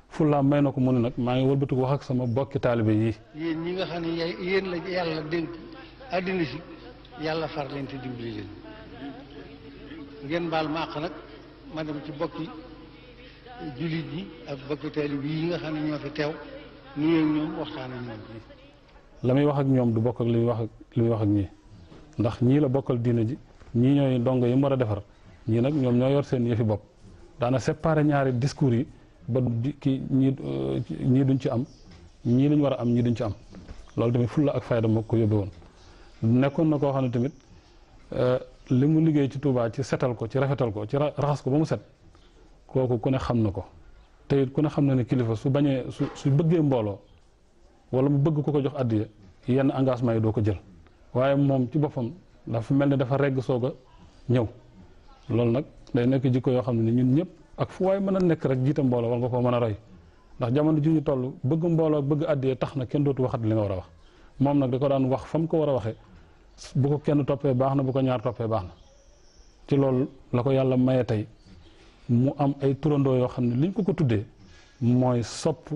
fullaam may na ko mu ne nag maa ngi wëlbatiku wax ak sama bokki taalibe yi. ñi nga xam ne yàlla dénk àddina si yàlla far leen te dimbali leen ngeen baal ci bokki jullit yi ak bokki ñoo fi teew nuyoo ñoom waxtaan ñoom. la muy wax ak ñoom du bokk ak li muy wax ak li muy wax ak ñii ndax ñii la bokkal diina ji ñii ñooy ndongo yi mu war a defar. ñii nag ñoom ñoo yor seen yëfi bopp daana séparé ñaari discours yi ba ki ñii euh, ñii duñ ci am ñii lañ war a am ñii duñ ci am loolu tamit fulla ak fayda moo ko yóbbe woon nekkoon na ko xam ne tamit euh, li mu liggéey ci tuubaa ci setal ko ci rafetal ko ci raxas ko ba mu set kooku ku ne xam na ko te it ku ne xam na ne kilifa su bañee su su bëggee mbooloo wala mu bëgg ku ko jox addiya yenn engagement yi doo ko jël waaye moom ci boppam dafa mel ne dafa regg soog a ñëw loolu nag day nekk jikko yoo xam ne ñun ñëpp ak fu waay mën a nekk rek jiite mbooloo war nga koo mën a roy ndax jamono ji ñu toll bëgg mbooloo bëgg àddee tax na kenn dootu waxat li nga war a wax moom nag da ko daan wax fa mu ko war a waxee bu ko kenn toppee baax na bu ko ñaar toppee baax na ci lool la ko yàlla maye tey mu am ay turandoo yoo xam ne liñ ko ko tuddee mooy sopp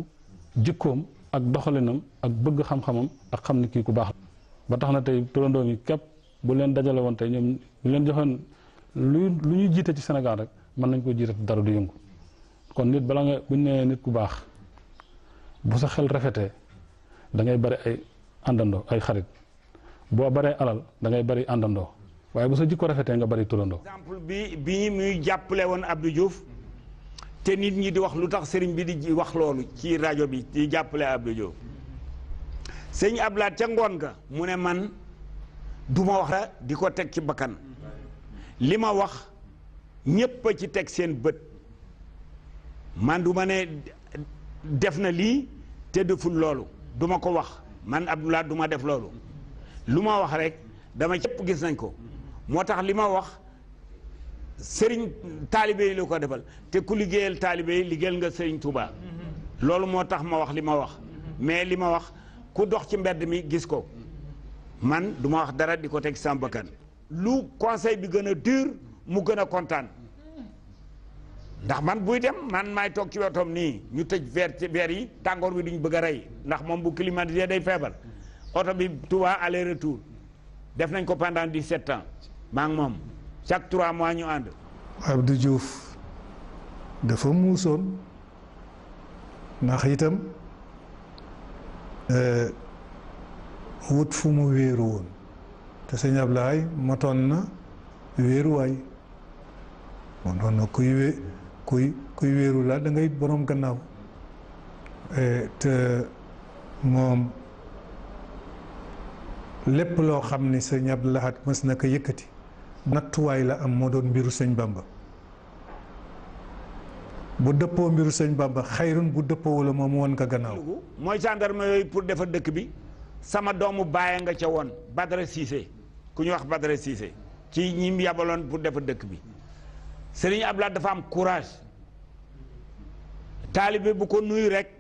jikkoom ak doxalinam ak bëgg xam-xamam ak xam ne kii ku baax na lu ñuy jiite ci senegal rek mën nañ koo jiite dara du yëngu kon nit bala nga buñ nee nit ku baax bu sa xel rafetee dangay ngay bari ay àndandoo ay xarit boo baree alal da ngay bari àndandoo waaye bu sa jikko rafetee nga bari turandoo. exemple bi bi muy jàppale woon Abdou Diouf te nit ñi di wax lu tax sëriñ bi di wax loolu ci rajo bi di jàppale Abdou Diouf sëñ Ablaat ca ngoon ga mu ne man du ma wax la di ko teg ci bakkan. li ma wax ñépp ci teg seen bët man du ma ne def na lii te deful loolu duma ko wax man Abdoulaye duma def loolu lu ma wax rek dama cëpp gis nañ ko moo tax li ma wax sëriñ taalibe yi la ko defal te ku liggéeyal taalibe yi liggéeyal nga sëriñ Touba loolu moo tax ma wax li ma wax mais li ma wax ku dox ci mbedd mi gis ko man du ma wax dara di ko teg sama bakkan lu conseil bi gëna dur mu gëna contane ndax man buy dem man may tok ci wotom ni ñu tëj vert ci ver yi tangor bi duñ bëgg ray ndax mom bu climatisé day feebar auto bi tuba aller retour def nañ ko pendant 17 ans ma ak mom chaque 3 mois ñu and Abdou Diouf dafa muusoon ndax itam euh wut fu mu wéru woon. te sëñ Ablaay motoon na wéeruwaay motoon na kuy wé kuy kuy boroom gannaaw eh, te moom lépp loo xam ni sëñ Abdou Lahad mës na ko yëkkati nattuwaay la am moo doon mbiru sëñ Bamba bu dëppoo mbiru sëñ Bamba xayrun bu dëppoo la moom woon ko gannaaw mooy gendarme yooyu pour defar dëkk bi sama doomu baaya nga ca woon Badara Cissé ku ñu wax Badara Cissé ci ñim yabaloon pour defa dëkk bi Serigne Abdoulaye dafa am courage taalibe bu ko nuyu rek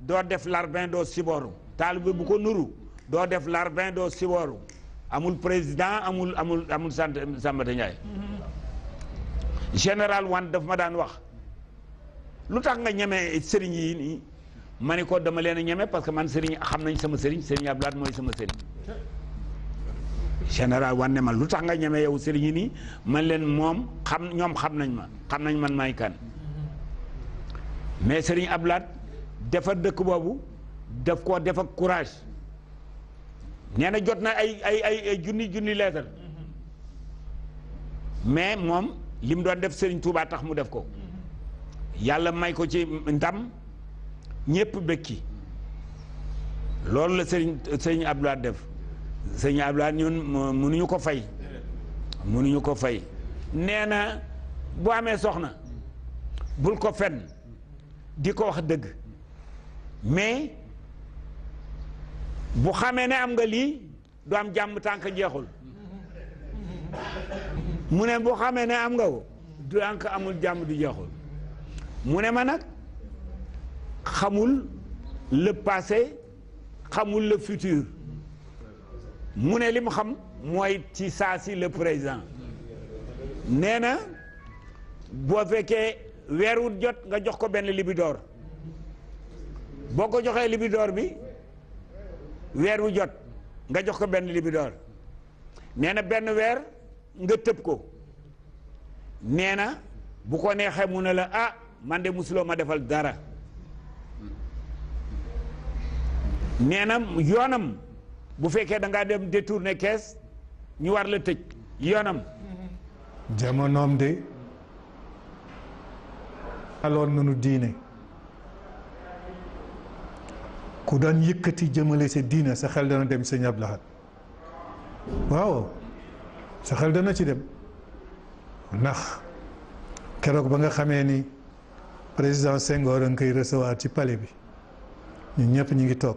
doo def larbin doo sibooru taalibe bu ko nuru doo def larbin doo sibooru amul président amul amul amul sant Sambata Ndiaye général Wane daf ma daan wax lu tax nga ñeme sëriñ yi nii ma ne ko dama leen a ñeme parce que man sëriñ xam nañ sama sëriñ sëriñ Abdoulaye mooy sama sëriñ général wanne ma lu tax nga ñeme yow sëriñ yi nii man leen moom xam ñoom xam nañ ma xam nañ man maay kan mais sëriñ Ablaat defar dëkk boobu def koo def ak courage nee jot na ay ay ay junni junni leetar mais moom li mu doon def sëriñ Touba tax mu def ko yàlla may ko ci ndam ñépp bëkki loolu la sëriñ sëriñ Abdoulaye def sëñ Abdoulaye ñun mënuñu ko fay mënuñu ko fay nee na bu amee soxna bul ko fen di ko wax dëgg mais bu xamee ne am nga lii du am jàmm tànk jeexul mu ne bu xamee ne am nga ko du tànk amul jàmm du jeexul mu ne ma nag xamul le passé xamul le futur mu ne li mu xam mooy ci saa si le président nee na boo fekkee weer wu jot nga jox ko benn libidoor boo ko joxee libidoor bi weer wu jot nga jox ko benn libidoor nee na benn weer nga tëb ko nee na bu ko neexee mu ne la ah man de musuloo ma defal dara nee na yoonam bu fekkee da ngaa dem détourner kees ñu war la tëj yoonam jamonoom de aloon nañu diine ku daan yëkkati jëmale sa diina sa xel dana dem sëñ Abdou Lahad waaw sa xel dana ci dem ndax keroog ba nga xamee ni président Senghor a koy recevoir ci pale bi ñu ñëpp ñu ngi toog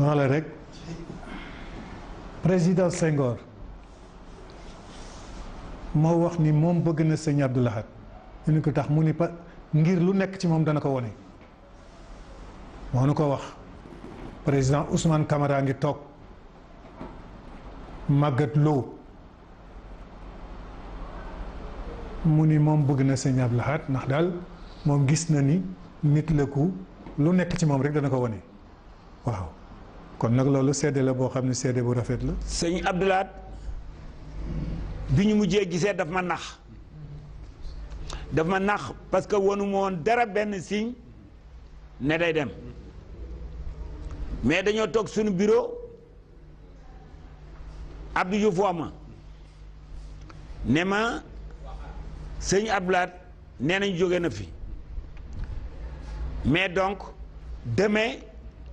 maa la rek président Senghor moo wax ni moom bëgg na sëñ Abdou Lahad ni ko tax mu ni pa ngir lu nekk ci moom dana ko wone moo nu ko wax président Ousmane Camara ngi toog Maguette Lo mu ni moom bëgg na sëñ Abdou ndax daal moom gis na ni nit la ku lu nekk ci moom rek dana ko wone waaw kon nag loolu seede la boo xam ne seede bu rafet la. sëñ Abdoulaat bi ñu mujjee gisee daf ma nax daf ma nax parce que wanu ma woon dara benn siñ ne day dem mais dañoo toog suñu bureau Abdou Diouf wax ma ne ma sëñ Abdoulaat nee nañ jóge na fi mais donc demain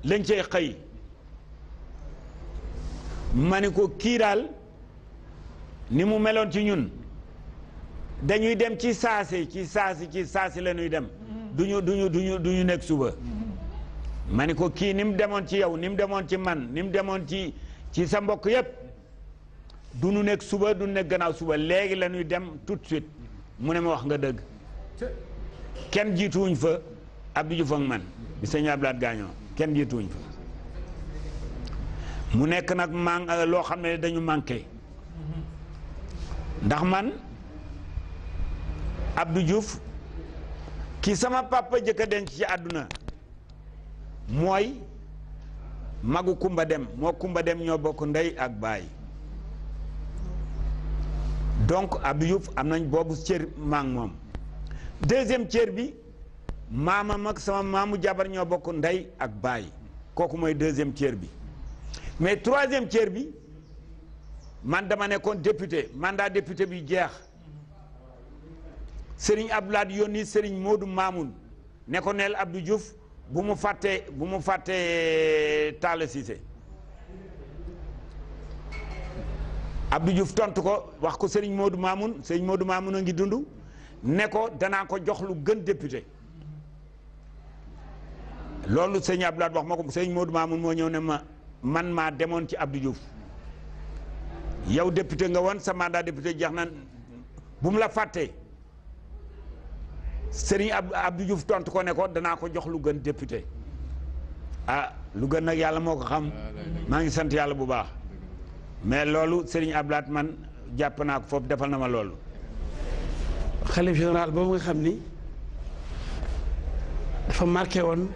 lañ cay xëy. ma ne ko kii daal ni mu meloon ci ñun dañuy dem ci saasi ci saasi ci saasi la ñuy dem duñu duñu duñu duñu nekk suba ma ne ko kii ni mu demoon ci yow ni mu demoon ci man ni mu demoon ci ci sa mbokk yépp du nu nekk suba du nu nekk gannaaw suba léegi la dem tout suite mu ne ma wax nga dëgg kenn jiituwuñ fa Abdou Diouf ak man bi sëñ Abdoulaye Gagnon kenn jiituwuñ fa mu nekk nag man euh, loo xam ne dañu manqué ndax man Abdou Diouf ki sama papa jëkk a denc ci àdduna mooy magu Kumba Dem moo Kumba Dem ñoo bokk ndey ak baay donc Abdou Diouf am nañ boobu cër maa moom deuxième cër bi maamam ak sama maamu jabar ñoo bokk ndey ak baay kooku mooy deuxième cër bi mais troisième tiers mandat man dama député mandat député bi jeex Serigne Abdoulaye Yoni, Serigne Modou Mamoun ne ko neel Abdou Diouf bu Faté, fàttee bu mu euh, Abdou Diouf ko wax ko Serigne Modou Mamoun Serigne Modou Mamoun a ngi dund ne ko danaa ko jox lu gën député loolu Serigne Abdoulaye wax Serigne Modou Mamoun moo et ne man maa demoon ci Abdou Diouf yow député nga woon sa mandat député jeex na bu mu la fàttee Serigne Abdou Diouf tontu ko ne danaa ko jox lu gën député ah lu gën nag yàlla moo ko xam maa ngi sant yàlla bu baax mais loolu Serigne Ablaat man jàpp naa ko foofu defal na ma loolu. xalif général boobu nga xam ni fa marqué woon.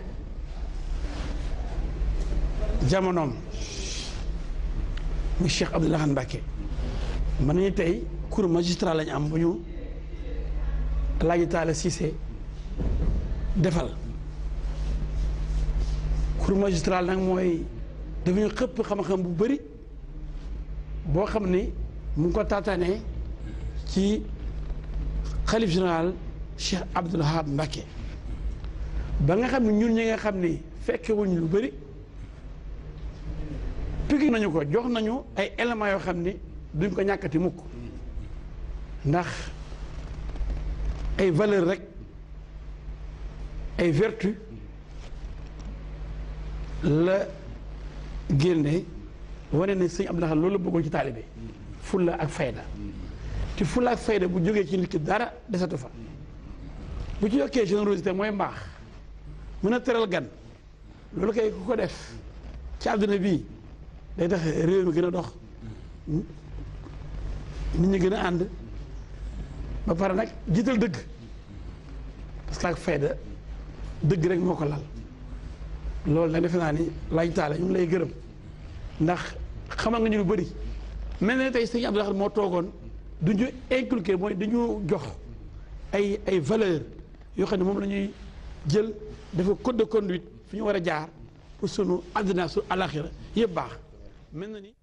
jamonoom muy Cheikh Abdou Lahad Mbacké mën nañu tey cour magistrat lañu am bu ñu Alaaji Taala defal cour magistral nag mooy dafa ñu xëpp xam-xam bu bari boo xam ni mu ngi ko taataanee ci xalif général Cheikh Abdou Lahad ba nga xam ne ñun ñi nga xam ni fekkewuñ lu bari pigir nañu ko jox nañu ay éléments yo xamni duñ ko ñàkkati mukk ndax ay valeur rek ay vertu la génne wane ne sëñ Abdou Lahad loolu bëggoon ci talibé fulla ak fayda ci fulla ak fayda bu jógee ci nit ki dara desatu fa bu ci yokkee générosité mooy mbaax mën a teral gan loolu kay ku ko def ci àdduna bii day tax réew mi gën a dox nit ñi gën a ànd ba pare nag jiital dëgg parce ak fayda dëgg rek moo ko lal loolu nag defe naa ni laaj taale ñu ngi lay gërëm ndax xamal nga ñu lu bëri mel na tey sëñ Abdou Lahad moo toogoon du ñu inculqué mooy du ñu jox ay ay valeur yoo xam ne moom lañuy jël dafa code de conduite fi ñu war a jaar pour sunu àddina su alaxira yëpp baax mel na ni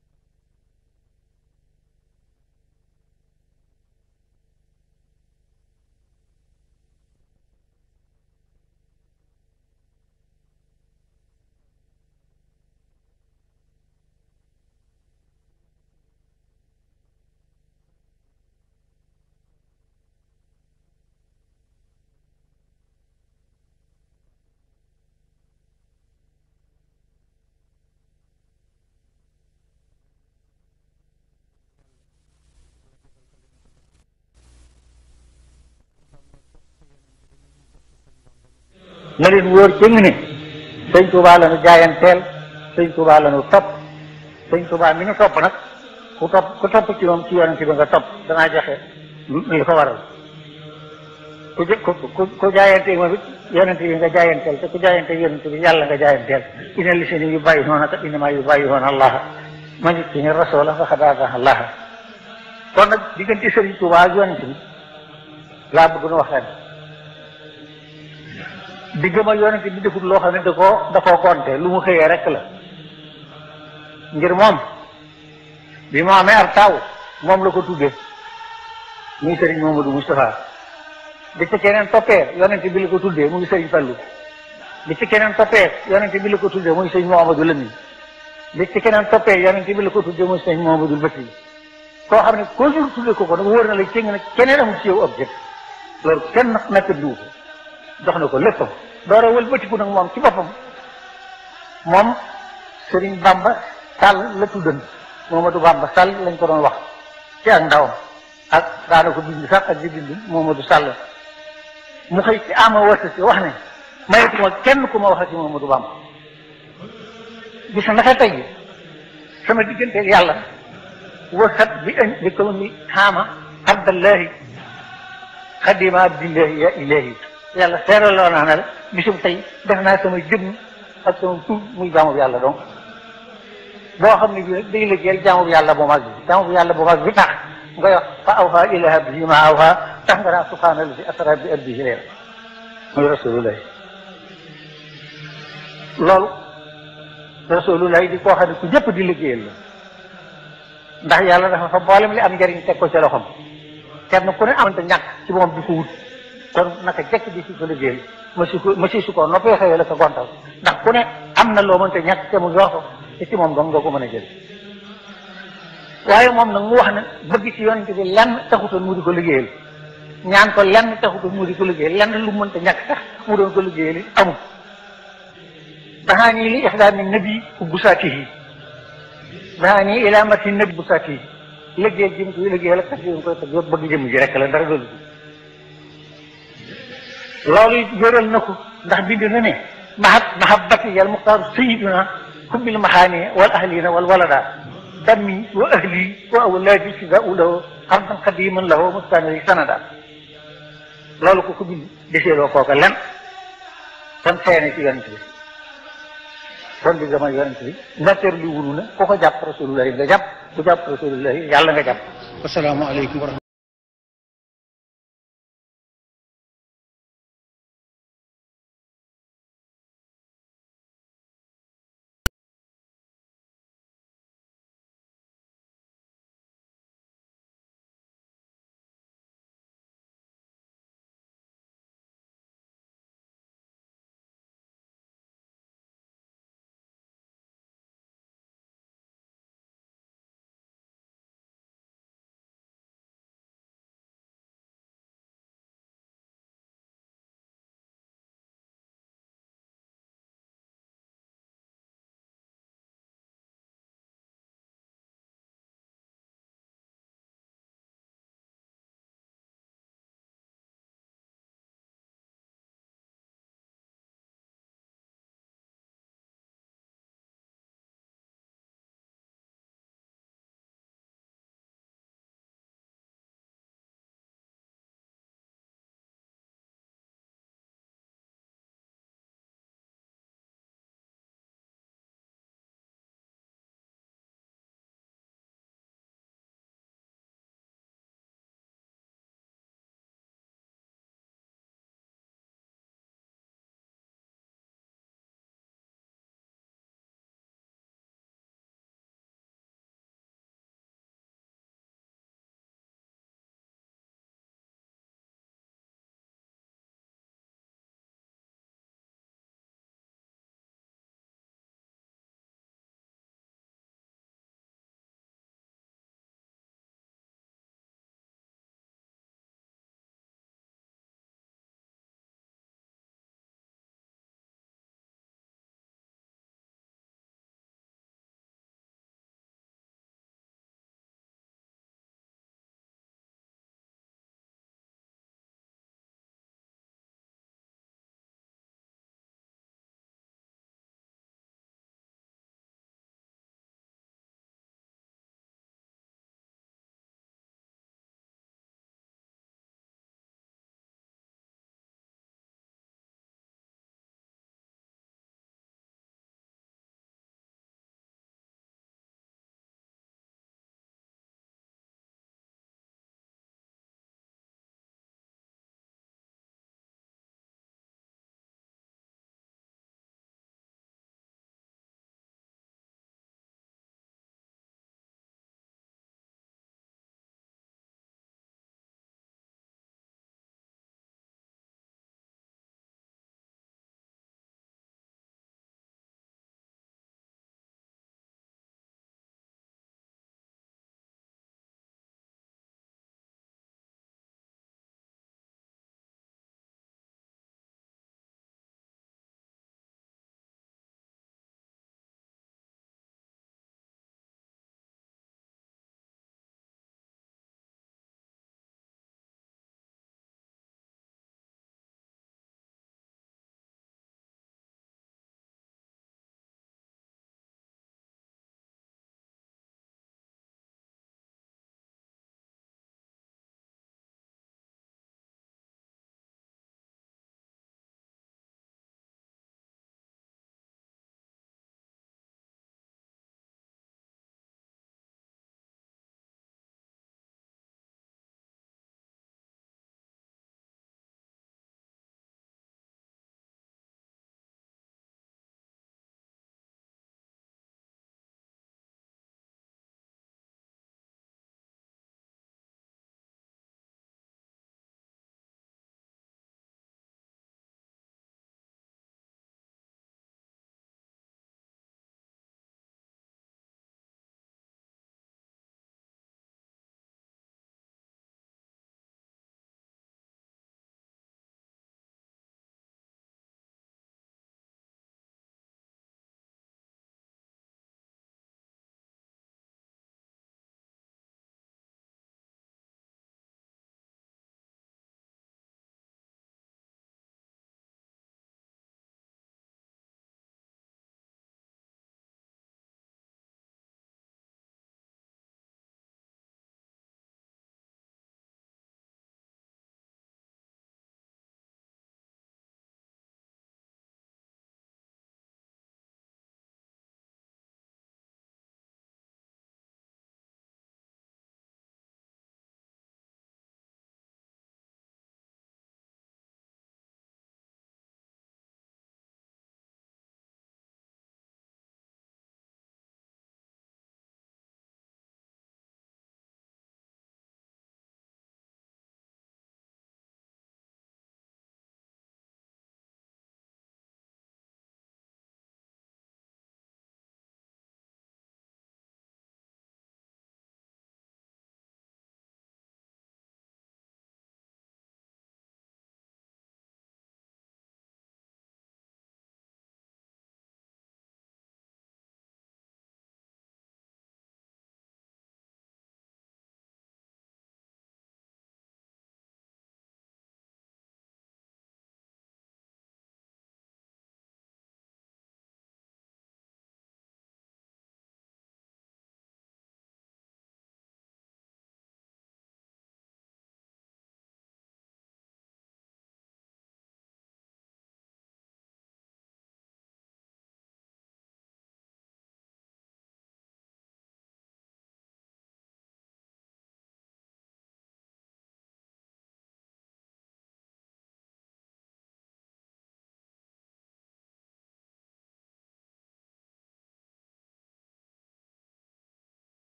na leen wóor jëng ne sëñ la nu jaayanteel sëñ Tuubaa la nu topp sëñ Tuubaa mi nu topp nag ku topp ku topp ci moom ci yonent bi nga topp danaa joxe li ko war ku ku ku jaayante moom it yonent bi nga jaayanteel te ku jaayante yonent bi yàlla nga jaayanteel ina lisini yu bàyyi noona ka inama yu bay noona allaha ma nit ci ni rasoola fa xadaata allaha kon nag diggante sëriñ Tuubaa ak yonent bi laa bëgg nu waxtaan digg ma yonent bi defut loo xam ne da koo da koo konte lu mu xëyee rek la ngir moom bi mu amee ab taw moom la ko tuddee muy sëriñ Mamadou Moustapha di ci keneen toppee yonent bi la ko tuddee muy sëriñ Fallou di ci keneen toppee yonent bi la ko tuddee muy sëriñ Mouhamadou Lamine di ci keneen toppee yonent bi la ko tuddee muy sëriñ Mouhamadou Bati koo xam ne koo jur tuddee ko ko nag wóor na la cëng na keneen amul ci yow objet loolu kenn nag nekk duufu dox na ko léppam door bëti wëlbatiku nag moom ci boppam moom Serigne Bamba Sall la tuddoon Momadou Bamba Sall lañ ko doon wax ci ak ndawam ak daana ko bind sax ak di bind Momadou Sall mu xëy ci ama wasa si wax ne mayatuma kenn ku ma wax ci Momadou Bamba gis na naka tey sama digganteeg yàlla wasat bi añ bi ko ni xaama abdallahi xadima abdillahi ya ilahi yàlla seeral loo naa na la bisub tey def naa sama jëmm ak sama tur muy yàlla donc boo xam ne bii rek day jaamu yàlla bu mag bi yàlla bu mag bi tax nga wax fa awha ila abdihi ma awha tax nga naa subhaana allazi asra bi abdihi layla loolu rasulullah di koo xam ne ku di liggéeyal la ndax yàlla dafa fa mboolem li am njëriñ teg ko kenn ku ne amante ci moom di ko wut kon naka jekk di si ko liggéey ma si ko ma si su ko noppee xëyee la ko gontal ndax ku ne am na loo mënta ñàkk te mu yor ko te ci moom dong nga ko mën a jël waaye moom nag mu wax na bëgg ci yoon bi lan taxutoon mu di ko liggéeyal ñaan ko lenn taxutoon mu di ko liggéeyal lenn lu mënta ñàkk sax mu doon ko liggéeyal amul daxaani li ixdaami nabi busaatihi daxaani ilaa mati nabi busaatihi liggéeyal jëm ci liggéeyal ak tax yoon koy tax yoon bëgg jëm ji rek la dara doolu loolu it wéral na ko ndax bind na ne mahat mahabati yal muxtaar sayiduna xubbil maxaani wal ahlina wal walada dammi wa ahli wa awlaadi da u lahu xamdan xadiman lahu mustanari sanada loolu ko ko bind deseeloo kooka lan kon feene ci yonent bi kon bi dama yonent bi natteer li wunu na ku ko jàpp rasulullahi nga jàpp ku jàpp rasulullahi yàlla nga jàpp asalaamaaleykum